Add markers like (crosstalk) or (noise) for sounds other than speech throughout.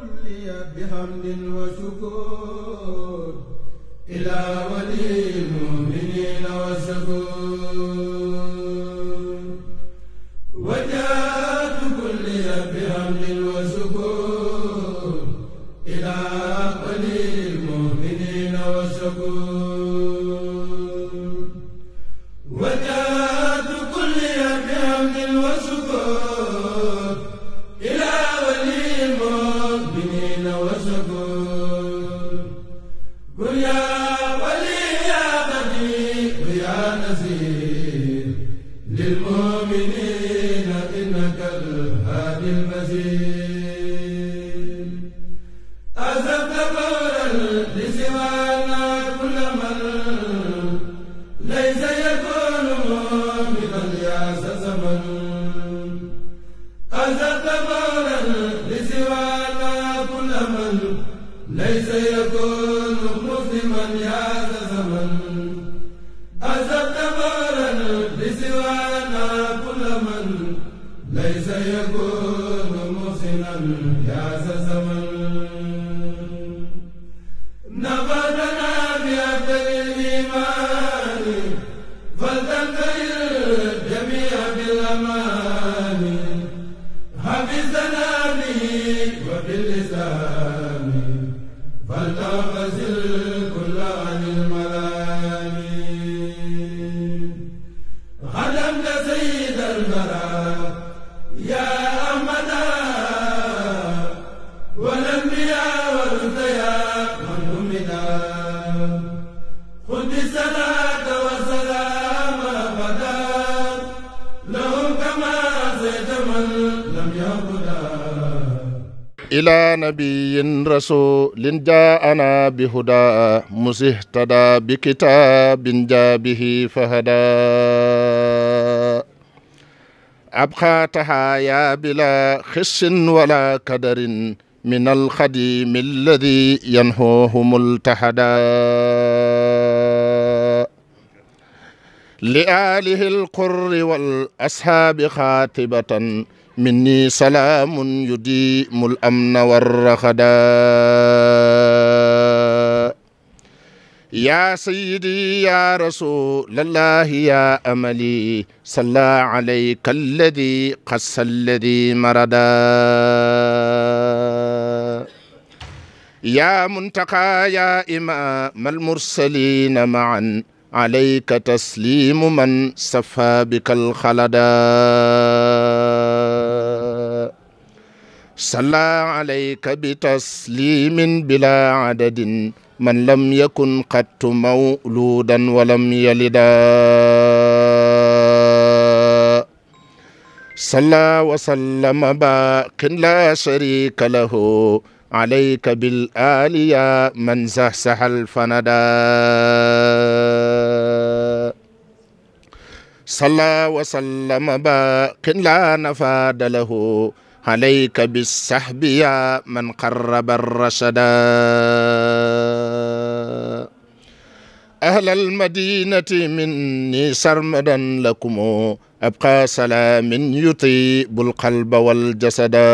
كلي بحمد وشكر إلى ولي لسوانا كل من ليس يكون مسلما يا إلى نبي رسول جاءنا بهدى مسهتدى بكتاب جاء به فهدى أبقاتها يا بلا خس ولا كدر من الخديم الذي ينهوه ملتحدا لآله القر والأصحاب خاتبة مني سلام يديم الأمن والرخداء يا سيدي يا رسول الله يا أملي صلى عليك الذي قص الذي مردا يا منتقى يا إمام المرسلين معا alayka taslimu man safa bika alxalada salla alayka bi taslimin bila adadin man lam yakun qattu mawludan walam yalida salla wa sallama baaqin la sharika lahu alayka bil aali ya man sahsahal fanada salla wa sallama baaqin laa nafaada lahu alayka bis sahbi ya man qarraba rrashada ahlal madinati minni sarmadan lakum abqa salaamin yutiibul qalba wal jasada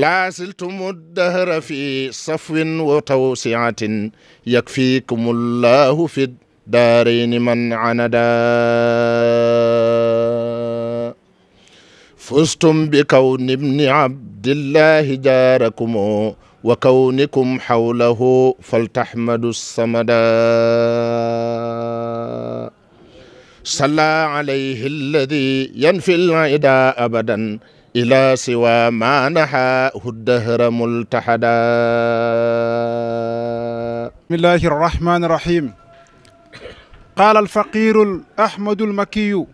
laasiltum addahra fi safwin wa tawsiatin yakfikum allahu fi daarayni man anada fustum bi kawni bni abdillahi jaarakum wa kawnikum xawlahu faltaxmadu samada salla alayhi alladi yanfi l ida abadan ila siwa ma naha huddahra multahada bismillahi arrahmani irrahim qaala alfaqiru ahmadu almakiyu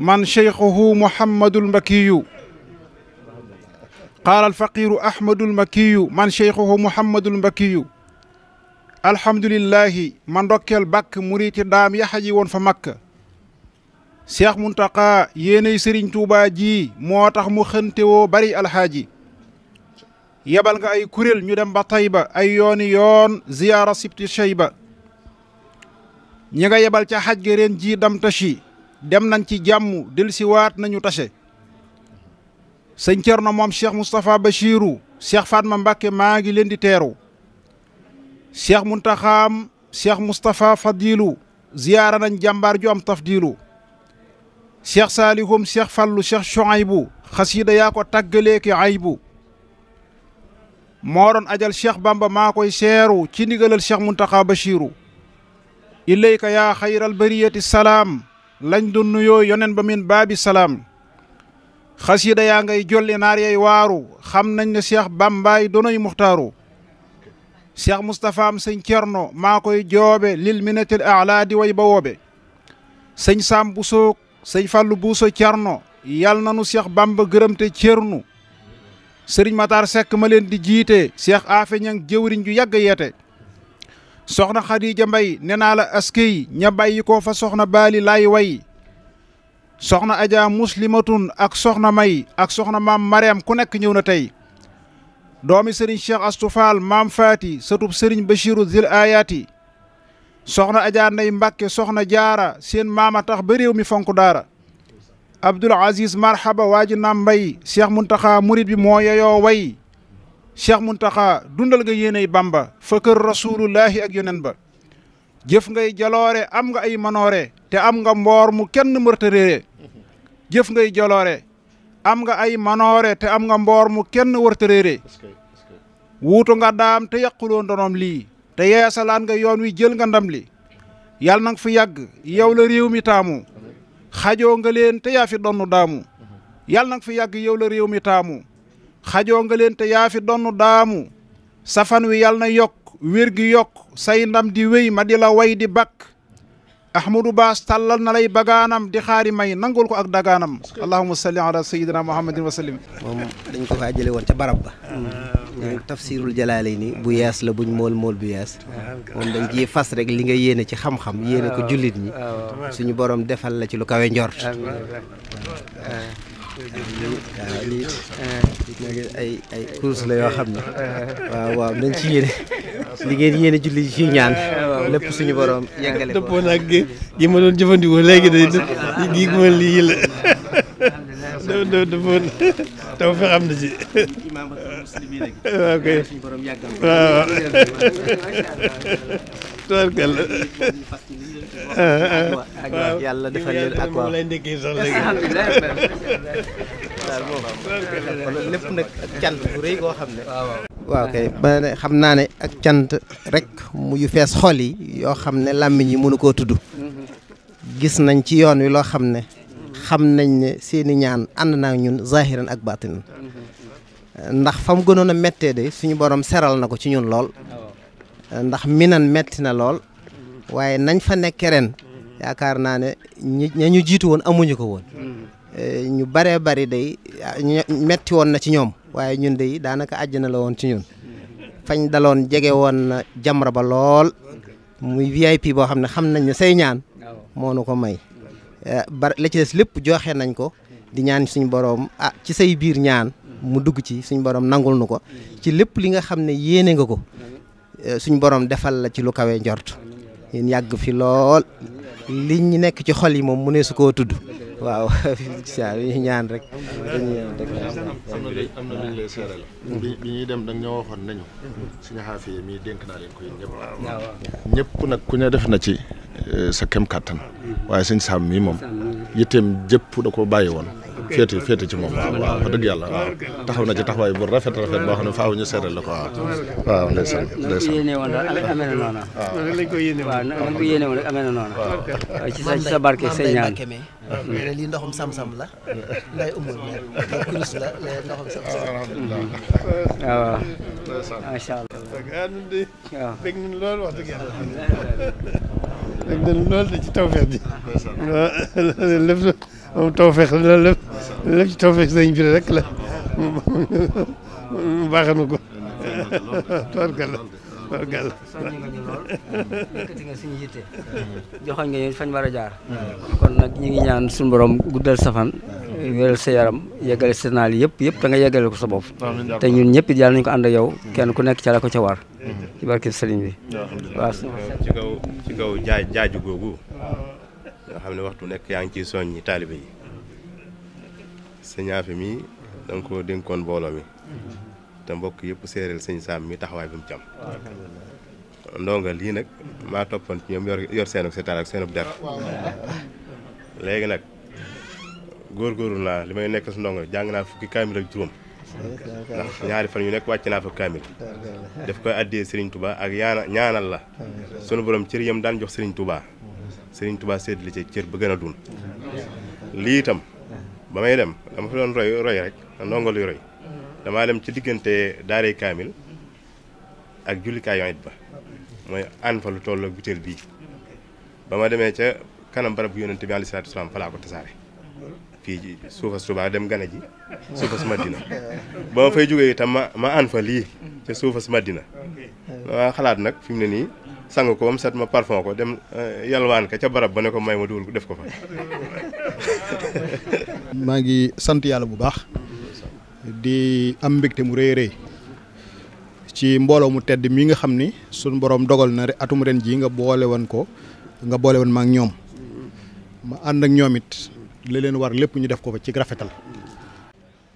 man cheikhuhu muhammadu almakiyu qaala alfaqiru ahmadu almakiyu man cheikhuhu muhammadu almakiyu alhamdulillahi ma ndokkeel bàkk muri ci daam yaxaji woon fa makka Cheikh Mountakha yéenay Serigne Touba ji moo tax mu xëntewoo bari alxaaji yebal nga ay kuréel ñu dem ba Tayba ay yooni yoon ziyaara sibti Cheyba ñi nga yebal ca xaj ga ji dam tashi dem nañ ci jàmm dellusiwaat nañu tase sëñ na moom Cheikh Moustapha Bachiru Cheikh Fatma Mbacke maa ngi leen di teeru Cheikh Muntaxaam Cheikh Moustapha Fadilu ziyaara nañ jàmbaar ju am tafdilu cheikh saalihum cheikh fàllu cheikh Chouaïbou xasiida yaa ko tàggaleeki aybu ajal cheikh bamba maa koy seeru ci ndigalal cheikh muntaxa bachiru ilayka yaa xayral bariyati salaam lañ doon nuyoo yonen ba min baabi salaam xasiida yaa ngay jolli naar yay waaru xam nañ ne cheikh bambaay donoy muxtaaru cheikh moustapha am sëñ cerno maa koy joobe lil minatil alaa di way ba woobe sëñ saam bu sëñ Fallou Bousso Thierno yal na nu Cheikh Bamba gërëmte te sëriñ Matar sekk ma leen di jiite Cheikh Afe Ñang jëwriñ ju yàgg yeete soxna Khadija Mbay nee naa la askey ña bàyyi ko fa soxna Baali laay way soxna Adja Muslimatun ak soxna May ak soxna maam Mariam ku nekk ñëw na tey doomi sëriñ Cheikh Astu Fall maam Faati sëtub sëriñ Bachiru Zil Ayaati soxna Adja Ndeye Mbacke soxna jaara seen maama tax ba réew mi fonk daara Abdoul Aziz marhaba waa naam mbay Cheikh Muntaxa murit bi moo yeyoo way Cheikh taxa dundal nga yéeney Bamba fa kër rasulullahi ak yonen ba jëf ngay jaloore am nga ay manoore te am nga mboor mu kenn mërta jëf ngay jaloore am nga ay manoore te am nga mboor mu kenn wërta réere nga daam te yàquloo ndonoom lii te yeesalaan nga yoon wi jël nga ndam li yàlla nanga fi yàgg yow la réew mi taamu xajoo nga leen te yaa fi donnu daamu yàlla nanga fi yàgg yow la réew mi taamu xajoo nga leen te yaa fi donnu daamu safan wi yàlla na yokk wér gi yokk say ndam di wéy ma di la way di bakk ahmadou ba tàllal na lay bagaanam di xaari may nangul ko ak dagaanam allahuma salli ala sayidina muhammadin sallim moom dañ ko faa jële woon ca barab ba tafsirul jalaale ni bu yees la buñ mool mool bu yees moom dañ ciy fas rek li nga yéene ci xam-xam yéene ko jullit ñi suñu boroom defal la ci lu kawe njort waaw lii la yoo xam ne waaw waaw nañ ci yéene li ngeen yéene jullit yi ciy ñaan waaw lépp ñu borom yeggale ko dëppoo gi yi ma doon jëfandikoo léegi de gi ma lii la dë dëppoo taw fi xam na ci waaw kay waaw tubarkal waaw yàlla defal leen ak waaw sax léegi lépp nag ak cant bu xam ne waaw kay xam naa ne ak cant rek mu yu fees xol yoo xam ne làmmiñ yi mënu koo tudd mm-hmm. gis nañ ci yoon wi loo xam ne xam nañ ne seeni ñaan ànd naa ñun zahiran ak batinan mm-hmm. ndax fam mu gënoon a méttee de suñu borom seral na ko ci ñun lool oh. ndax minan metti na lool mm-hmm. waaye nañ fa nekkee ren yaakaar naa ne ñi ñu jiitu woon amuñu ko woon eh, ñu baree bari day ah, metti woon na ci ñoom waaye ñun de daanaka na la woon ci ñun fañ daloon jege woon na jamra ba lool muy VIP boo xam ne xam nañ ne say ñaan moo nu ko may eh, ba la lépp joxe nañ ko di ñaan suñu borom ah ci say biir ñaan mu dugg ci suñ borom nangul nu ko ci lépp li nga xam ne yéene nga ko eh, suñ borom defal la ci lu kawe njort yéen yàgg fi lool. li ñu nekk ci xol yi moom mu ne su koo tudd waaw ñu ñaan rek am bi ñuy dem da ñoo waxoon nañu suñu xaafiye mii dénk naa leen ko yéen ñëpp nag ku ne def na ci eh, sa kem kàttan waaye suñ sàmm mi moom yitteem jëpp da ko bàyyi woon féete féete ci moom waaw waaw wax dëgg yàlla na ci taxawaay bu rafet rafet boo xam ne faaw ñu seetal la ko waaw waaw ndeysaan ndeysaan yéene woon daal amee na noona waaw lañ ko yéene waaw nañ ko na noona waaw ci sa ci sa barke sa ñaan sam-sam la nday umul la kurus la ah, macha allah ah. waaw (laughs) moom tawfeex la lépp lépp ci tawfeex sëriñ bi rek la mu baaxal na ko tubarkalla tubarkalla soññ nga ñu lool nga suñu yitte joxoñ nga ñu fañ war jaar kon nag ñu ngi ñaan suñu borom guddal safan wéral sa yaram yeggale sa naal yëpp yëpp da nga yeggale ko sa bopp te ñun ñëpp it yàlla nañu ko ànd ak yow kenn ku nekk ca la ko ca war ci barke sëriñ bi waaw ci kaw ci kaw jaay googu xam ne waxtu nekk yaa ngi ciy soññi taalibe yi sëñ Afi mii da nga dénkoon mbooloo mi te mbokk yëpp séeréel sëñ Saam mii taxawaay bi mu ci am lii nag maa toppoon ci ñoom yor yor seen ak seetaan ak seen der léegi nag góor góorgóorlu naa li may nekk si ndonga jàng naa fukki kaamil ak juróom ndax ñaari fan yu nekk wàcc naa fa kaamil daf koy addee Serigne tubaa ak yaana ñaanal la sunu borom cër yam daan jox Serigne tubaa Sëriñ Tuubaa séddale ci cër ba gën a dund lii itam ba may dem dama fi doon roy rek ndongo luy roy damaa dem ci diggante daaray kaamil ak jullikaay yoon it ba mooy ànd fa lu bii ba demee ca kanam barab yonente bi alayhi salaatu wa salaam falaa ko suufas ji suufas Madina ba ma fay itam ma ma ca suufas Madina ma xalaat nag fi mu ne nii sang ko ba mu set ma parfum ko dem euh, yalwaan ka ca barab ba ne ko may ma dugal ko def ko fa. (laughs) maa ngi sant yàlla bu baax di am mbégte mu rëy rëy ci mbooloo mu tedd mi nga xam ni sun borom dogal na atum ren ji nga boole woon ko nga boole woon ma ak ñoom ma ànd ak ñoom it li leen war lépp ñu def ko fa ci rafetal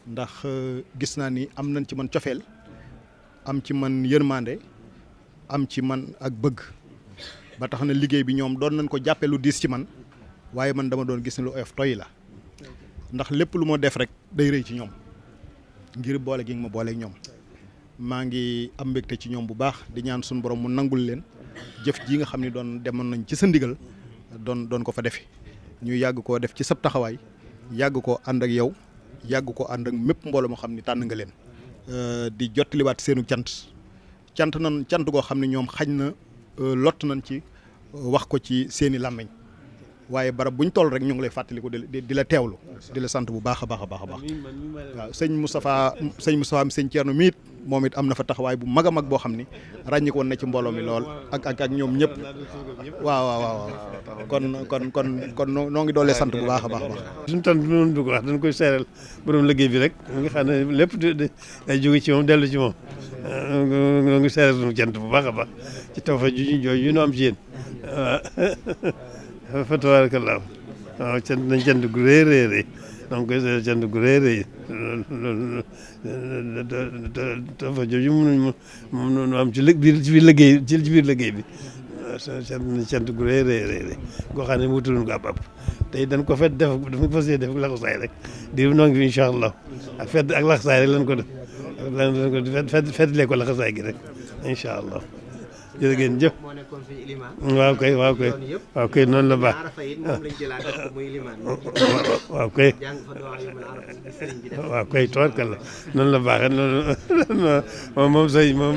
ndax euh, gis naa ni am nañ ci man cofeel am ci man yërmande. am ci man ak bëgg ba tax na liggéey bi ñoom doon nañ ko jàppee lu diis ci man waaye man dama doon gis ne lu oyof toy la ndax lépp lu ma def rek day rëy ci ñoom ngir boole gi nga ma booleeg ñoom maa ngi am mbégte ci ñoom bu baax di ñaan suñu borom mu nangul leen jëf ji nga xam ne doon demoon nañ ci sa ndigal doon doon ko fa defe ñu yàgg koo def ci sab taxawaay yàgg koo ànd ak yow yàgg koo ànd ak mépp mbooloo moo xam ni tànn nga leen di jottaliwaat seenu cant cant nañ cant goo xam ne ñoom xañ na euh, lott nañ ci euh, wax ko ci seeni làmmiñ waaye barab bu ñu toll rek ñu ngi lay fàttaliku di la teewlu di la sant bu baax a baax a baax a baax waaw sëñ Moustapha sëñ Moustapha am sëñ Thierno miit moom it am na fa taxawaay bu mag a mag boo xam ni ràññikoon na ci mbooloo mi lool ak ak ak ñoom ñëpp waaw waaw waaw kon kon kon kon noo ngi doolee sant bu baax a baax baax suñu tant bi noonu bëgg wax dañ koy seeral borom liggéey bi rek mu ngi xam ne lépp day jóge ci moom dellu ci moom noo ngi seeral suñu jant bu baax a baax ci taw fa juñu jooy yu nu am ci yéen waaw (laughs) fa waaw cant nañ cant gu rëy rëy da nga koy seede cant gu rëy jooju mënuñ mënuñ am ci biir ci biir liggéey ci biir liggéey bi sant na cant gu rëy rëy rëy goo xam ne wutaluñ ko tey dañ ko fet def dafa fas yéene def ak laxasaay rek di noo ngi fi incha allah ak fet ak laxasaay rek lañ ko def lañ ko fet fet lee ko laxasaay gi rek incha jërë ngeen jëf waaw kay waaw kay waaw kay noonu la baax (laughs) waaw kay waaw kay tubarkal la noonu la baaxee noonu (laughs) moom moom sëñ moom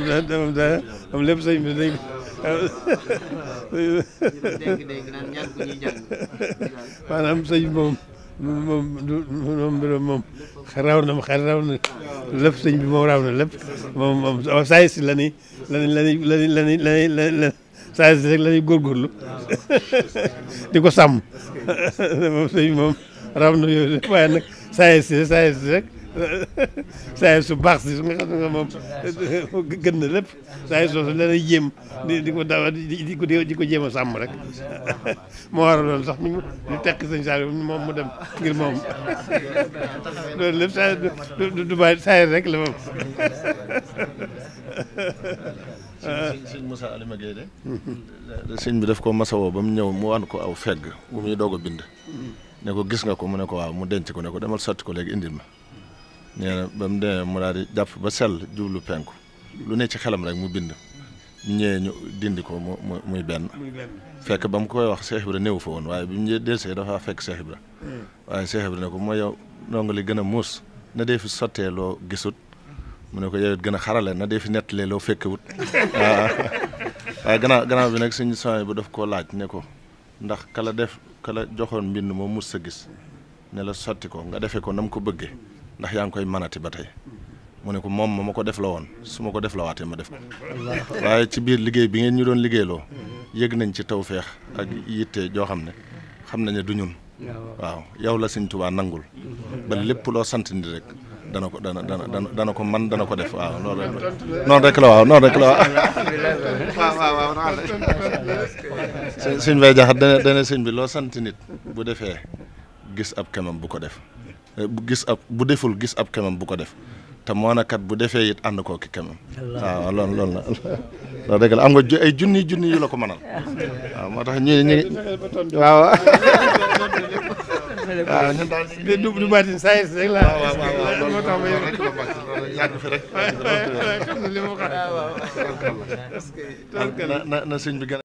moom lépp sëñ bi dañ (laughs) maanaam sëñ moom moom moom moom moom raw na xel raw na lépp sëñ bi moom raw na lépp moom moom si la ñuy la ñuy la ñuy la ñuy la ñuy saa di ko sàmm moom sëñ moom raw na yooyu waaye nag saa si rek saa si rek. (laughs) saa su baax si su nga xam ne moom gën na lépp saa soosu dana jéem di di ko dawa di ko di ko jéem a sàmm rek (laughs) moo waraloon sax ñu ñu sëñ saa moom mu dem a moom (laughs) loolu lépp saa du du bàyyi rek la moom. sëñ sëñ Moussa Alima bi daf ko masawoo ba mu ñëw mu wan ko aw fegg bu muy doog bind. Mm-hmm. ne ko gis nga ko mu ne ko waaw mu denc ko ne ko demal sotti ko léegi indil ma. nee ba mu demee mu daal di jàpp ba sel jublu penku lu ne ci xelam rek mu bind mu ñu dindi ko mu muy benn fekk ba mu koy wax Cheikh Ibra néew fa woon waaye bi mu ñëwee delsee dafa fekk Cheikh Ibra hmm. waaye Cheikh Ibra ne ko mooy yow ndongo li gën a muus na dee fi sottee loo gisut mu ne ko yow gën a xarale na dee fi nettalee loo fekkewut (laughs) waaye gannaaw gannaaw bi nag suñu soñ bu daf koo laaj ne ko ndax kala def kala joxoon mbind moom muus sa gis ne la sotti ko nga defee ko nam ko bëggee ndax yaa ngi koy manati ba tey mu ne ko moom ma ma ko def la woon su ma ko def la waatee ma def ko waaye ci biir liggéey bi ngeen ñu doon liggéeyloo yëg nañ ci feex ak yitte joo xam ne xam nañ ne du ñun waaw yow la sëñ Tuubaa nangul ba lépp loo sant ni rek dana ko dana dana dana ko man dana ko def waaw loolu noonu rek la waaw noonu rek la sëñ bay jaxat dana dana sëñ bi loo sant nit bu defee gis ab kemam bu ko def Eh, bu gis ab bu deful gis ab kemam bu ko def te moonakat bu defee it ànd koo ki kemam waaw ah, loolu loolu la loolu dëgg la am nga ay junni junni yu la ko mënal waaw moo tax ñu ñu waaw (laughs) na li bi gën